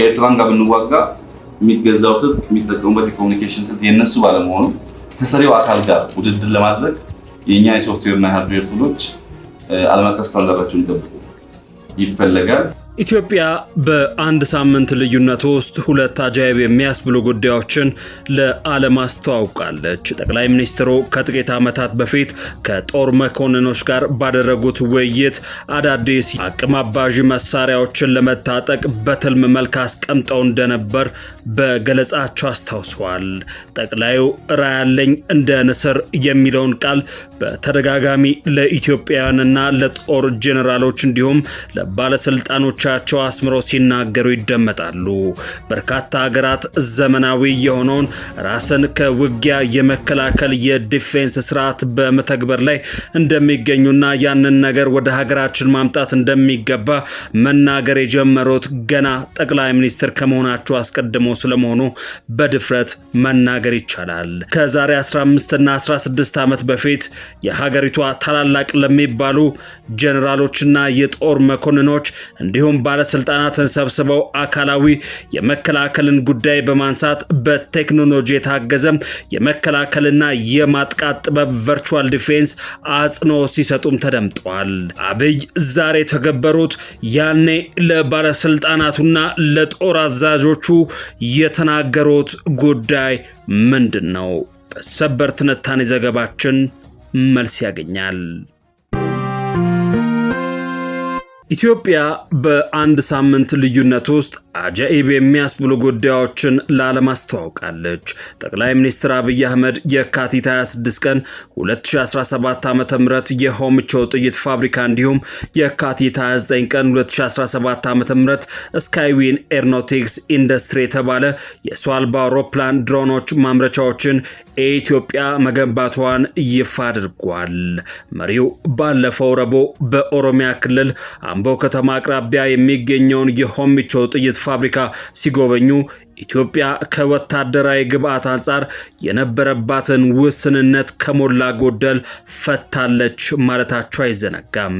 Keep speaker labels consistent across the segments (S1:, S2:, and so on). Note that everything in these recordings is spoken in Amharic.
S1: ከኤርትራም ጋር ብንዋጋ የሚገዛው ትጥቅ የሚጠቀሙበት የኮሚኒኬሽን ስልት የነሱ ባለመሆኑ ከሰሪው አካል ጋር ውድድር ለማድረግ የእኛ የሶፍትዌርና የሃርድዌር ቱሎች ዓለም አቀፍ ስታንዳርዳቸውን ይጠብቁ ይፈለጋል።
S2: ኢትዮጵያ በአንድ ሳምንት ልዩነት ውስጥ ሁለት አጃይብ የሚያስብሉ ጉዳዮችን ለዓለም አስተዋውቃለች። ጠቅላይ ሚኒስትሩ ከጥቂት ዓመታት በፊት ከጦር መኮንኖች ጋር ባደረጉት ውይይት አዳዲስ አቅም አባዢ መሳሪያዎችን ለመታጠቅ በትልም መልክ አስቀምጠው እንደነበር በገለጻቸው አስታውሰዋል። ጠቅላዩ ራያለኝ እንደ ንስር የሚለውን ቃል በተደጋጋሚ ለኢትዮጵያውያንና ለጦር ጄኔራሎች እንዲሁም ለባለስልጣኖቻቸው አስምረው ሲናገሩ ይደመጣሉ። በርካታ ሀገራት ዘመናዊ የሆነውን ራስን ከውጊያ የመከላከል የዲፌንስ ስርዓት በመተግበር ላይ እንደሚገኙና ያንን ነገር ወደ ሀገራችን ማምጣት እንደሚገባ መናገር የጀመሩት ገና ጠቅላይ ሚኒስትር ከመሆናቸው አስቀድሞ ስለመሆኑ በድፍረት መናገር ይቻላል። ከዛሬ 15 እና 16 ዓመት በፊት የሀገሪቷ ታላላቅ ለሚባሉ ጀኔራሎችና የጦር መኮንኖች እንዲሁም ባለስልጣናትን ሰብስበው አካላዊ የመከላከልን ጉዳይ በማንሳት በቴክኖሎጂ የታገዘ የመከላከልና የማጥቃት ጥበብ ቨርቹዋል ዲፌንስ አጽኖ ሲሰጡም ተደምጠዋል። አብይ ዛሬ የተገበሩት ያኔ ለባለስልጣናቱና ለጦር አዛዦቹ የተናገሩት ጉዳይ ምንድን ነው? በሰበር ትንታኔ ዘገባችን መልስ ያገኛል። ኢትዮጵያ በአንድ ሳምንት ልዩነት ውስጥ አጃኢብ የሚያስብሉ ጉዳዮችን ለዓለም አስተዋውቃለች። ጠቅላይ ሚኒስትር አብይ አህመድ የካቲት 26 ቀን 2017 ዓ ም የሆምቸው ጥይት ፋብሪካ እንዲሁም የካቲት 29 ቀን 2017 ዓ ም ስካይዊን ኤርኖቲክስ ኢንዱስትሪ የተባለ የሰው አልባ አውሮፕላን ድሮኖች ማምረቻዎችን የኢትዮጵያ መገንባቷን ይፋ አድርጓል። መሪው ባለፈው ረቡዕ በኦሮሚያ ክልል አምቦ ከተማ አቅራቢያ የሚገኘውን የሆምቸው ጥይት ፋብሪካ ሲጎበኙ ኢትዮጵያ ከወታደራዊ ግብዓት አንጻር የነበረባትን ውስንነት ከሞላ ጎደል ፈታለች ማለታቸው አይዘነጋም።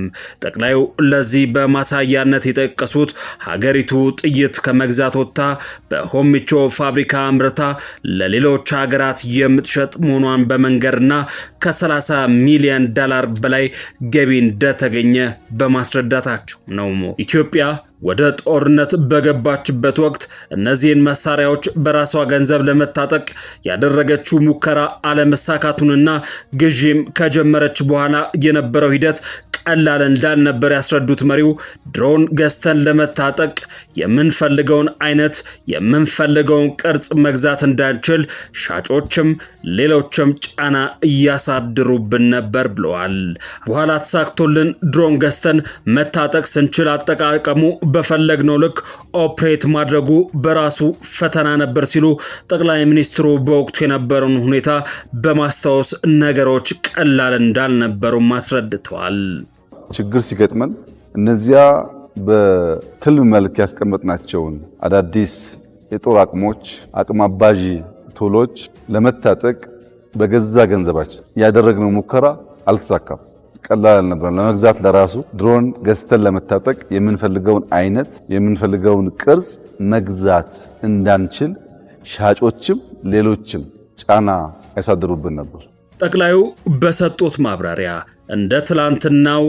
S2: ጠቅላዩ ለዚህ በማሳያነት የጠቀሱት ሀገሪቱ ጥይት ከመግዛት ወጥታ በሆሚቾ ፋብሪካ አምርታ ለሌሎች ሀገራት የምትሸጥ መሆኗን በመንገርና ከ30 ሚሊዮን ዶላር በላይ ገቢ እንደተገኘ በማስረዳታቸው ነው። ኢትዮጵያ ወደ ጦርነት በገባችበት ወቅት እነዚህን መሳሪያዎች በራሷ ገንዘብ ለመታጠቅ ያደረገችው ሙከራ አለመሳካቱንና ግዢም ከጀመረች በኋላ የነበረው ሂደት ቀላል እንዳልነበር ያስረዱት መሪው ድሮን ገዝተን ለመታጠቅ የምንፈልገውን አይነት የምንፈልገውን ቅርጽ መግዛት እንዳንችል ሻጮችም ሌሎችም ጫና እያሳድሩብን ነበር ብለዋል። በኋላ ተሳክቶልን ድሮን ገዝተን መታጠቅ ስንችል አጠቃቀሙ በፈለግነው ልክ ኦፕሬት ማድረጉ በራሱ ፈተና ነበር ሲሉ ጠቅላይ ሚኒስትሩ በወቅቱ የነበረውን ሁኔታ በማስታወስ ነገሮች ቀላል እንዳልነበሩም አስረድተዋል።
S3: ችግር ሲገጥመን እነዚያ በትልም መልክ ያስቀመጥናቸውን አዳዲስ የጦር አቅሞች አቅም አባዢ ቶሎች ለመታጠቅ በገዛ ገንዘባችን ያደረግነው ሙከራ አልተሳካም። ቀላል አልነበረም። ለመግዛት ለራሱ ድሮን ገዝተን ለመታጠቅ የምንፈልገውን አይነት የምንፈልገውን ቅርጽ መግዛት እንዳንችል ሻጮችም ሌሎችም ጫና ያሳድሩብን ነበር።
S2: ጠቅላዩ በሰጡት ማብራሪያ እንደ ትላንትናው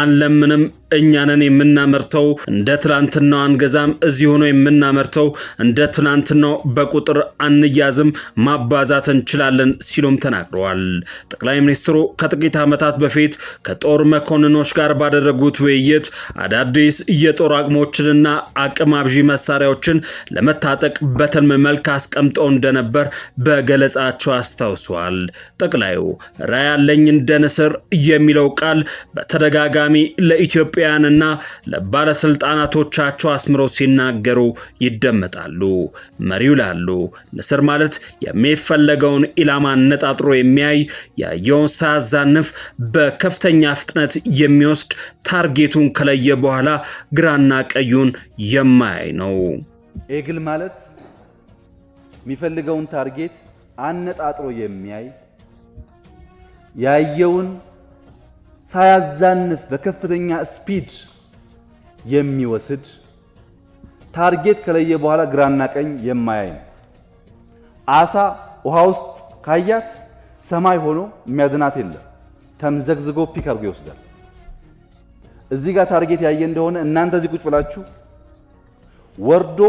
S2: አንለምንም እኛንን የምናመርተው እንደ ትናንትናው አንገዛም። እዚህ ሆኖ የምናመርተው እንደ ትናንትናው በቁጥር አንያዝም፣ ማባዛት እንችላለን ሲሉም ተናግረዋል። ጠቅላይ ሚኒስትሩ ከጥቂት ዓመታት በፊት ከጦር መኮንኖች ጋር ባደረጉት ውይይት አዳዲስ የጦር አቅሞችንና አቅም አብዢ መሳሪያዎችን ለመታጠቅ በትልም መልክ አስቀምጠው እንደነበር በገለጻቸው አስታውሰዋል። ጠቅላዩ ራዕይ ያለኝ እንደ ንስር የሚለው ቃል በተደጋጋ በተደጋጋሚ ለኢትዮጵያውያንና ለባለስልጣናቶቻቸው አስምረው ሲናገሩ ይደመጣሉ። መሪው ላሉ ንስር ማለት የሚፈለገውን ኢላማ ነጣጥሮ የሚያይ ያየውን ሳያዛንፍ በከፍተኛ ፍጥነት የሚወስድ ታርጌቱን ከለየ በኋላ ግራና ቀዩን የማያይ ነው።
S4: ኤግል ማለት የሚፈልገውን ታርጌት አነጣጥሮ የሚያይ ያየውን ሳያዛንፍ በከፍተኛ ስፒድ የሚወስድ ታርጌት ከለየ በኋላ ግራና ቀኝ የማያይ አሳ ውሃ ውስጥ ካያት ሰማይ ሆኖ የሚያድናት የለም። ተምዘግዝጎ ፒክ አድርጎ ይወስዳል። እዚህ ጋር ታርጌት ያየ እንደሆነ እናንተ እዚህ ቁጭ ብላችሁ ወርዶ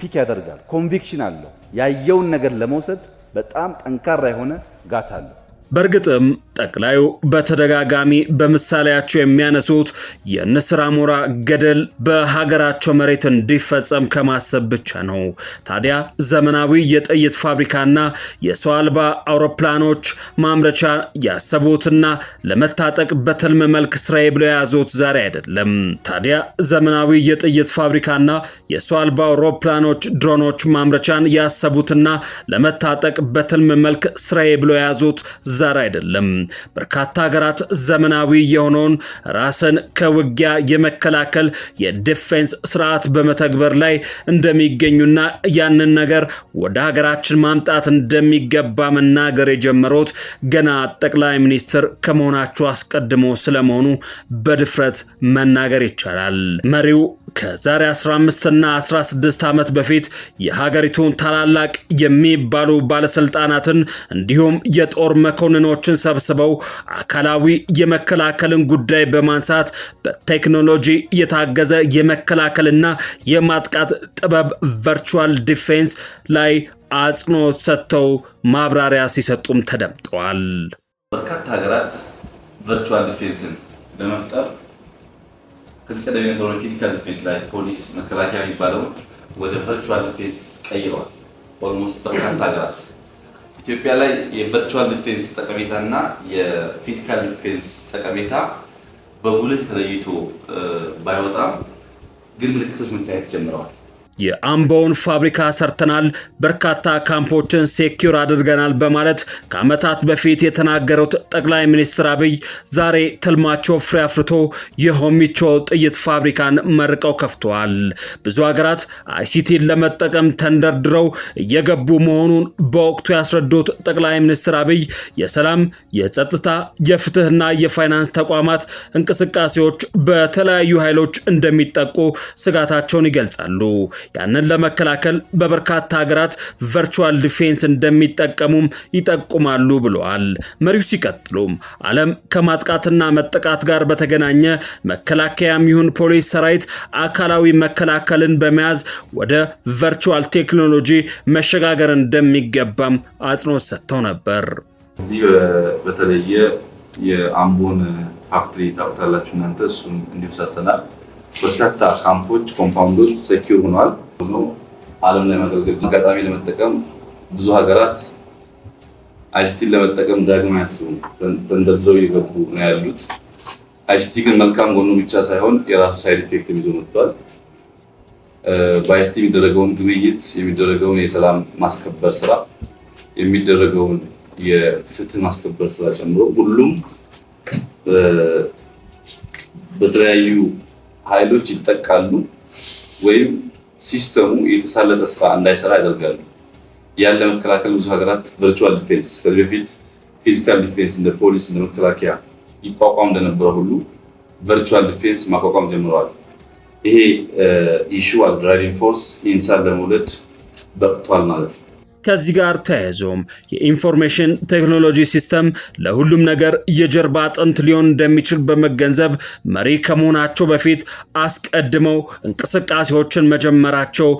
S4: ፒክ ያደርጋል። ኮንቪክሽን አለው። ያየውን ነገር ለመውሰድ በጣም ጠንካራ የሆነ ጋት አለው።
S2: በእርግጥም ጠቅላዩ በተደጋጋሚ በምሳሌያቸው የሚያነሱት የንስር አሞራ ገደል በሀገራቸው መሬት እንዲፈጸም ከማሰብ ብቻ ነው። ታዲያ ዘመናዊ የጥይት ፋብሪካና የሰው አልባ አውሮፕላኖች ማምረቻ ያሰቡትና ለመታጠቅ በትልም መልክ ስራዬ ብለው የያዙት ዛሬ አይደለም። ታዲያ ዘመናዊ የጥይት ፋብሪካና የሰው አልባ አውሮፕላኖች ድሮኖች ማምረቻን ያሰቡትና ለመታጠቅ በትልም መልክ ስራዬ ብለው የያዙት ዛሬ አይደለም። በርካታ ሀገራት ዘመናዊ የሆነውን ራስን ከውጊያ የመከላከል የዲፌንስ ስርዓት በመተግበር ላይ እንደሚገኙና ያንን ነገር ወደ ሀገራችን ማምጣት እንደሚገባ መናገር የጀመሩት ገና ጠቅላይ ሚኒስትር ከመሆናቸው አስቀድሞ ስለመሆኑ በድፍረት መናገር ይቻላል። መሪው ከዛሬ 15 እና 16 ዓመት በፊት የሀገሪቱን ታላላቅ የሚባሉ ባለስልጣናትን እንዲሁም የጦር መኮንኖችን ሰብስበው አካላዊ የመከላከልን ጉዳይ በማንሳት በቴክኖሎጂ የታገዘ የመከላከልና የማጥቃት ጥበብ ቨርቹዋል ዲፌንስ ላይ አጽንኦት ሰጥተው ማብራሪያ ሲሰጡም ተደምጠዋል።
S5: በርካታ ሀገራት ቨርቹዋል ዲፌንስን ለመፍጠር ከዚህ ቀደም የነበረው ፊዚካል ዲፌንስ ላይ ፖሊስ፣ መከላከያ የሚባለውን ወደ ቨርቹዋል ዲፌንስ ቀይረዋል። ኦልሞስት በርካታ ሀገራት ኢትዮጵያ ላይ የቨርቹዋል ዲፌንስ ጠቀሜታ እና የፊዚካል ዲፌንስ ጠቀሜታ በጉልህ ተለይቶ ባይወጣም ግን ምልክቶች መታየት ጀምረዋል።
S2: የአምቦውን ፋብሪካ ሰርተናል፣ በርካታ ካምፖችን ሴኪር አድርገናል በማለት ከዓመታት በፊት የተናገሩት ጠቅላይ ሚኒስትር አብይ ዛሬ ትልማቸው ፍሬ አፍርቶ የሆሚቾ ጥይት ፋብሪካን መርቀው ከፍተዋል። ብዙ ሀገራት አይሲቲን ለመጠቀም ተንደርድረው እየገቡ መሆኑን በወቅቱ ያስረዱት ጠቅላይ ሚኒስትር አብይ የሰላም፣ የጸጥታ፣ የፍትህና የፋይናንስ ተቋማት እንቅስቃሴዎች በተለያዩ ኃይሎች እንደሚጠቁ ስጋታቸውን ይገልጻሉ። ያንን ለመከላከል በበርካታ ሀገራት ቨርቹዋል ዲፌንስ እንደሚጠቀሙም ይጠቁማሉ ብለዋል። መሪው ሲቀጥሉም ዓለም ከማጥቃትና መጠቃት ጋር በተገናኘ መከላከያም ይሁን ፖሊስ ሰራዊት አካላዊ መከላከልን በመያዝ ወደ ቨርቹዋል ቴክኖሎጂ መሸጋገር እንደሚገባም አጽንኦት ሰጥተው ነበር።
S5: እዚህ በተለየ የአምቦን ፋክትሪ ታውቁታላችሁ እናንተ እሱም እንዲሁ ሰርተናል። በርካታ ካምፖች፣ ኮምፓውንዶች ሰኪ ሆኗል። ዓለም ላይ ማገልገል አጋጣሚ ለመጠቀም ብዙ ሀገራት አይሲቲን ለመጠቀም ዳግም አያስቡም፣ ተንደርድረው እየገቡ ነው ያሉት። አይሲቲ ግን መልካም ጎኑ ብቻ ሳይሆን የራሱ ሳይድ ኢፌክት ይዞ መጥቷል። በአይሲቲ የሚደረገውን ግብይት፣ የሚደረገውን የሰላም ማስከበር ስራ፣ የሚደረገውን የፍትህ ማስከበር ስራ ጨምሮ ሁሉም በተለያዩ ኃይሎች ይጠቃሉ ወይም ሲስተሙ የተሳለጠ ስራ እንዳይሰራ ያደርጋሉ። ያን ለመከላከል ብዙ ሀገራት ቨርቹዋል ዲፌንስ ከዚህ በፊት ፊዚካል ዲፌንስ እንደ ፖሊስ እንደ መከላከያ ይቋቋም እንደነበረ ሁሉ ቨርቹዋል ዲፌንስ ማቋቋም ጀምረዋል። ይሄ ኢሹ አዝ ድራይቪንግ ፎርስ ኢንሳን ለመውለድ በቅቷል ማለት ነው።
S2: ከዚህ ጋር ተያይዞም የኢንፎርሜሽን ቴክኖሎጂ ሲስተም ለሁሉም ነገር የጀርባ አጥንት ሊሆን እንደሚችል በመገንዘብ መሪ ከመሆናቸው በፊት አስቀድመው እንቅስቃሴዎችን መጀመራቸው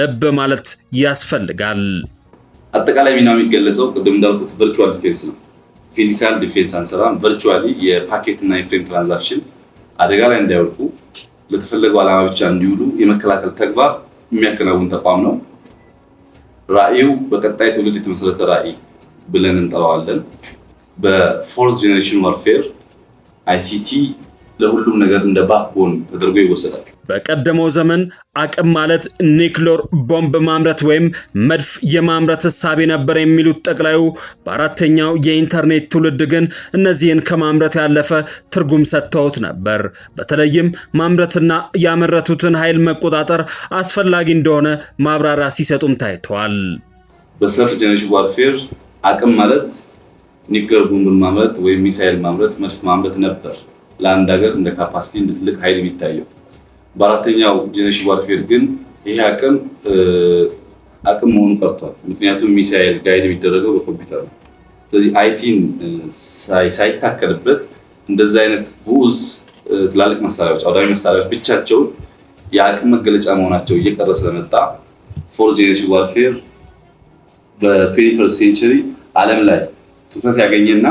S2: ልብ ማለት ያስፈልጋል።
S5: አጠቃላይ ሚና የሚገለጸው ቅድም እንዳልኩት ቨርቹዋል ዲፌንስ ነው። ፊዚካል ዲፌንስ አንሰራም። ቨርቹዋሊ የፓኬት እና የፍሬም ትራንዛክሽን አደጋ ላይ እንዳይወድቁ ለተፈለገው ዓላማ ብቻ እንዲውሉ የመከላከል ተግባር የሚያከናውን ተቋም ነው። ራዕዩ በቀጣይ ትውልድ የተመሰረተ ራዕይ ብለን እንጠራዋለን። በፎርስ ጄኔሬሽን ዋርፌር አይሲቲ ለሁሉም ነገር እንደ ባክቦን ተደርጎ ይወሰዳል።
S2: በቀደመው ዘመን አቅም ማለት ኒክሎር ቦምብ ማምረት ወይም መድፍ የማምረት እሳቤ ነበር የሚሉት ጠቅላዩ፣ በአራተኛው የኢንተርኔት ትውልድ ግን እነዚህን ከማምረት ያለፈ ትርጉም ሰጥተውት ነበር። በተለይም ማምረትና ያመረቱትን ኃይል መቆጣጠር አስፈላጊ እንደሆነ ማብራሪያ ሲሰጡም ታይተዋል።
S5: በሰርፍ ጀነሬሽን ዋርፌር አቅም ማለት ኒክሎር ቦምብን ማምረት ወይም ሚሳይል ማምረት፣ መድፍ ማምረት ነበር ለአንድ ሀገር እንደ ካፓሲቲ እንደ ትልቅ ኃይል የሚታየው በአራተኛው ጀነሬሽን ዋርፌር ግን ይሄ አቅም አቅም መሆኑ ቀርቷል። ምክንያቱም ሚሳኤል ጋይድ የሚደረገው በኮምፒውተር ነው። ስለዚህ አይቲን ሳይታከልበት እንደዚ አይነት ግዑዝ ትላልቅ መሳሪያዎች፣ አውዳሚ መሳሪያዎች ብቻቸውን የአቅም መገለጫ መሆናቸው እየቀረ ስለመጣ ፎርስ ጄኔሬሽን ዋርፌር በ ሴንቸሪ ዓለም ላይ ትኩረት ያገኘና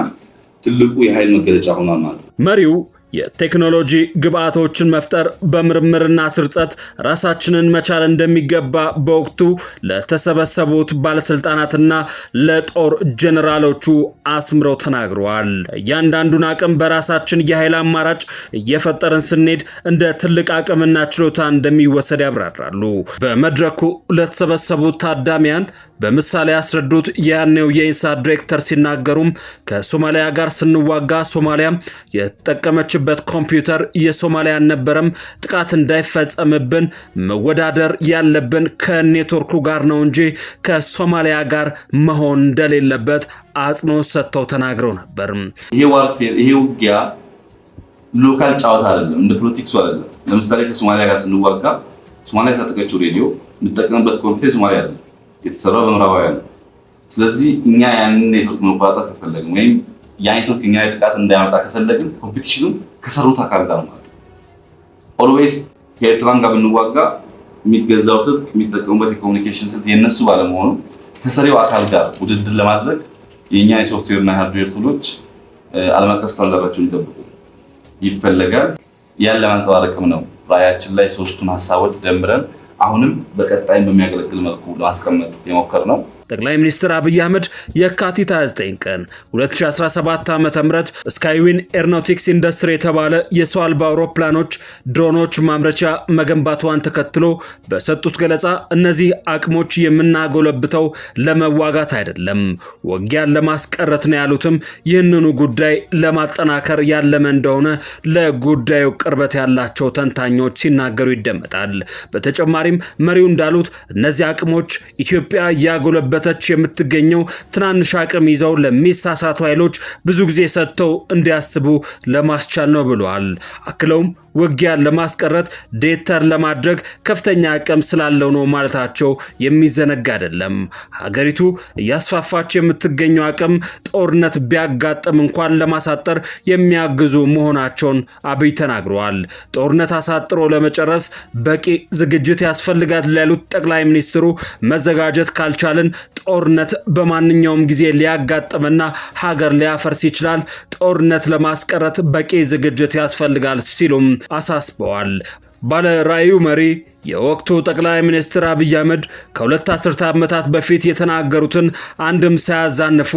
S5: ትልቁ የኃይል መገለጫ ሆኗል ማለት ነው።
S2: መሪው የቴክኖሎጂ ግብዓቶችን መፍጠር በምርምርና ስርጸት ራሳችንን መቻል እንደሚገባ በወቅቱ ለተሰበሰቡት ባለስልጣናትና ለጦር ጀኔራሎቹ አስምረው ተናግረዋል። እያንዳንዱን አቅም በራሳችን የኃይል አማራጭ እየፈጠርን ስንሄድ እንደ ትልቅ አቅምና ችሎታ እንደሚወሰድ ያብራራሉ። በመድረኩ ለተሰበሰቡት ታዳሚያን በምሳሌ ያስረዱት የያኔው የኢንሳ ዲሬክተር ሲናገሩም ከሶማሊያ ጋር ስንዋጋ ሶማሊያ የተጠቀመች የተገኘችበት ኮምፒውተር የሶማሊያ አልነበረም። ጥቃት እንዳይፈጸምብን መወዳደር ያለብን ከኔትወርኩ ጋር ነው እንጂ ከሶማሊያ ጋር መሆን እንደሌለበት አጽንኦት ሰጥተው ተናግረው ነበር።
S5: ይሄ ዋርፌር ይሄ ውጊያ ሎካል ጨዋታ አይደለም፣ እንደ ፖለቲክሱ አይደለም። ለምሳሌ ከሶማሊያ ጋር ስንዋጋ ሶማሊያ የታጠቀችው ሬዲዮ የምጠቀምበት ኮምፒውተር ሶማሊያ አይደለም፣ የተሰራው በምዕራባውያን ነው። ስለዚህ እኛ ያንን ኔትወርክ መቆጣጠር ከፈለግን ወይም ያ ኔትወርክ እኛ ላይ ጥቃት እንዳያመጣ ከፈለግን ኮምፒቲሽኑ ከሰሩት አካል ጋር ማለት ነው። ኦልዌይስ ከኤርትራን ጋር ብንዋጋ የሚገዛው ትጥቅ የሚጠቀሙበት የኮሚኒኬሽን ስልት የእነሱ ባለመሆኑ ከሰሪው አካል ጋር ውድድር ለማድረግ የእኛ የሶፍትዌር እና ሃርድዌር ቱሎች ዓለም አቀፍ ስታንዳርዳቸውን ይጠብቁ ይፈለጋል። ያን ለማንጸባረቅም ነው ራዕያችን ላይ ሶስቱን ሀሳቦች ደምረን አሁንም በቀጣይም በሚያገለግል መልኩ ለማስቀመጥ የሞከር ነው።
S2: ጠቅላይ ሚኒስትር አብይ አህመድ የካቲት 29 ቀን 2017 ዓ ም ስካይዊን ኤርኖቲክስ ኢንዱስትሪ የተባለ የሰው አልባ አውሮፕላኖች፣ ድሮኖች ማምረቻ መገንባቷን ተከትሎ በሰጡት ገለጻ እነዚህ አቅሞች የምናጎለብተው ለመዋጋት አይደለም፣ ውጊያን ለማስቀረት ነው ያሉትም ይህንኑ ጉዳይ ለማጠናከር ያለመ እንደሆነ ለጉዳዩ ቅርበት ያላቸው ተንታኞች ሲናገሩ ይደመጣል። በተጨማሪም መሪው እንዳሉት እነዚህ አቅሞች ኢትዮጵያ ያጎለበ እየተመረተች የምትገኘው ትናንሽ አቅም ይዘው ለሚሳሳቱ ኃይሎች ብዙ ጊዜ ሰጥተው እንዲያስቡ ለማስቻል ነው ብለዋል። አክለውም ውጊያን ለማስቀረት ዴተር ለማድረግ ከፍተኛ አቅም ስላለው ነው ማለታቸው የሚዘነጋ አይደለም። ሀገሪቱ እያስፋፋች የምትገኘው አቅም ጦርነት ቢያጋጥም እንኳን ለማሳጠር የሚያግዙ መሆናቸውን አብይ ተናግረዋል። ጦርነት አሳጥሮ ለመጨረስ በቂ ዝግጅት ያስፈልጋል ያሉት ጠቅላይ ሚኒስትሩ መዘጋጀት ካልቻልን ጦርነት በማንኛውም ጊዜ ሊያጋጥምና ሀገር ሊያፈርስ ይችላል። ጦርነት ለማስቀረት በቂ ዝግጅት ያስፈልጋል ሲሉም አሳስበዋል። ባለ ራዕዩ መሪ የወቅቱ ጠቅላይ ሚኒስትር አብይ አህመድ ከሁለት አስርተ ዓመታት በፊት የተናገሩትን አንድም ሳያዛንፉ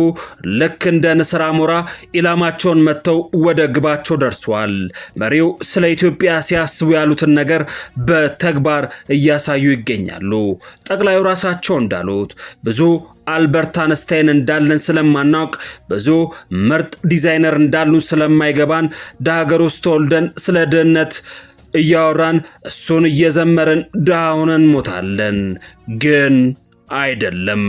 S2: ልክ እንደ ንስር አሞራ ኢላማቸውን መጥተው ወደ ግባቸው ደርሰዋል። መሪው ስለ ኢትዮጵያ ሲያስቡ ያሉትን ነገር በተግባር እያሳዩ ይገኛሉ። ጠቅላዩ ራሳቸው እንዳሉት ብዙ አልበርት አንስታይን እንዳለን ስለማናውቅ ብዙ ምርጥ ዲዛይነር እንዳሉን ስለማይገባን ደሀገር ውስጥ ተወልደን ስለ ድህነት እያወራን እሱን እየዘመርን ድሃ ሆነን ሞታለን። ግን አይደለም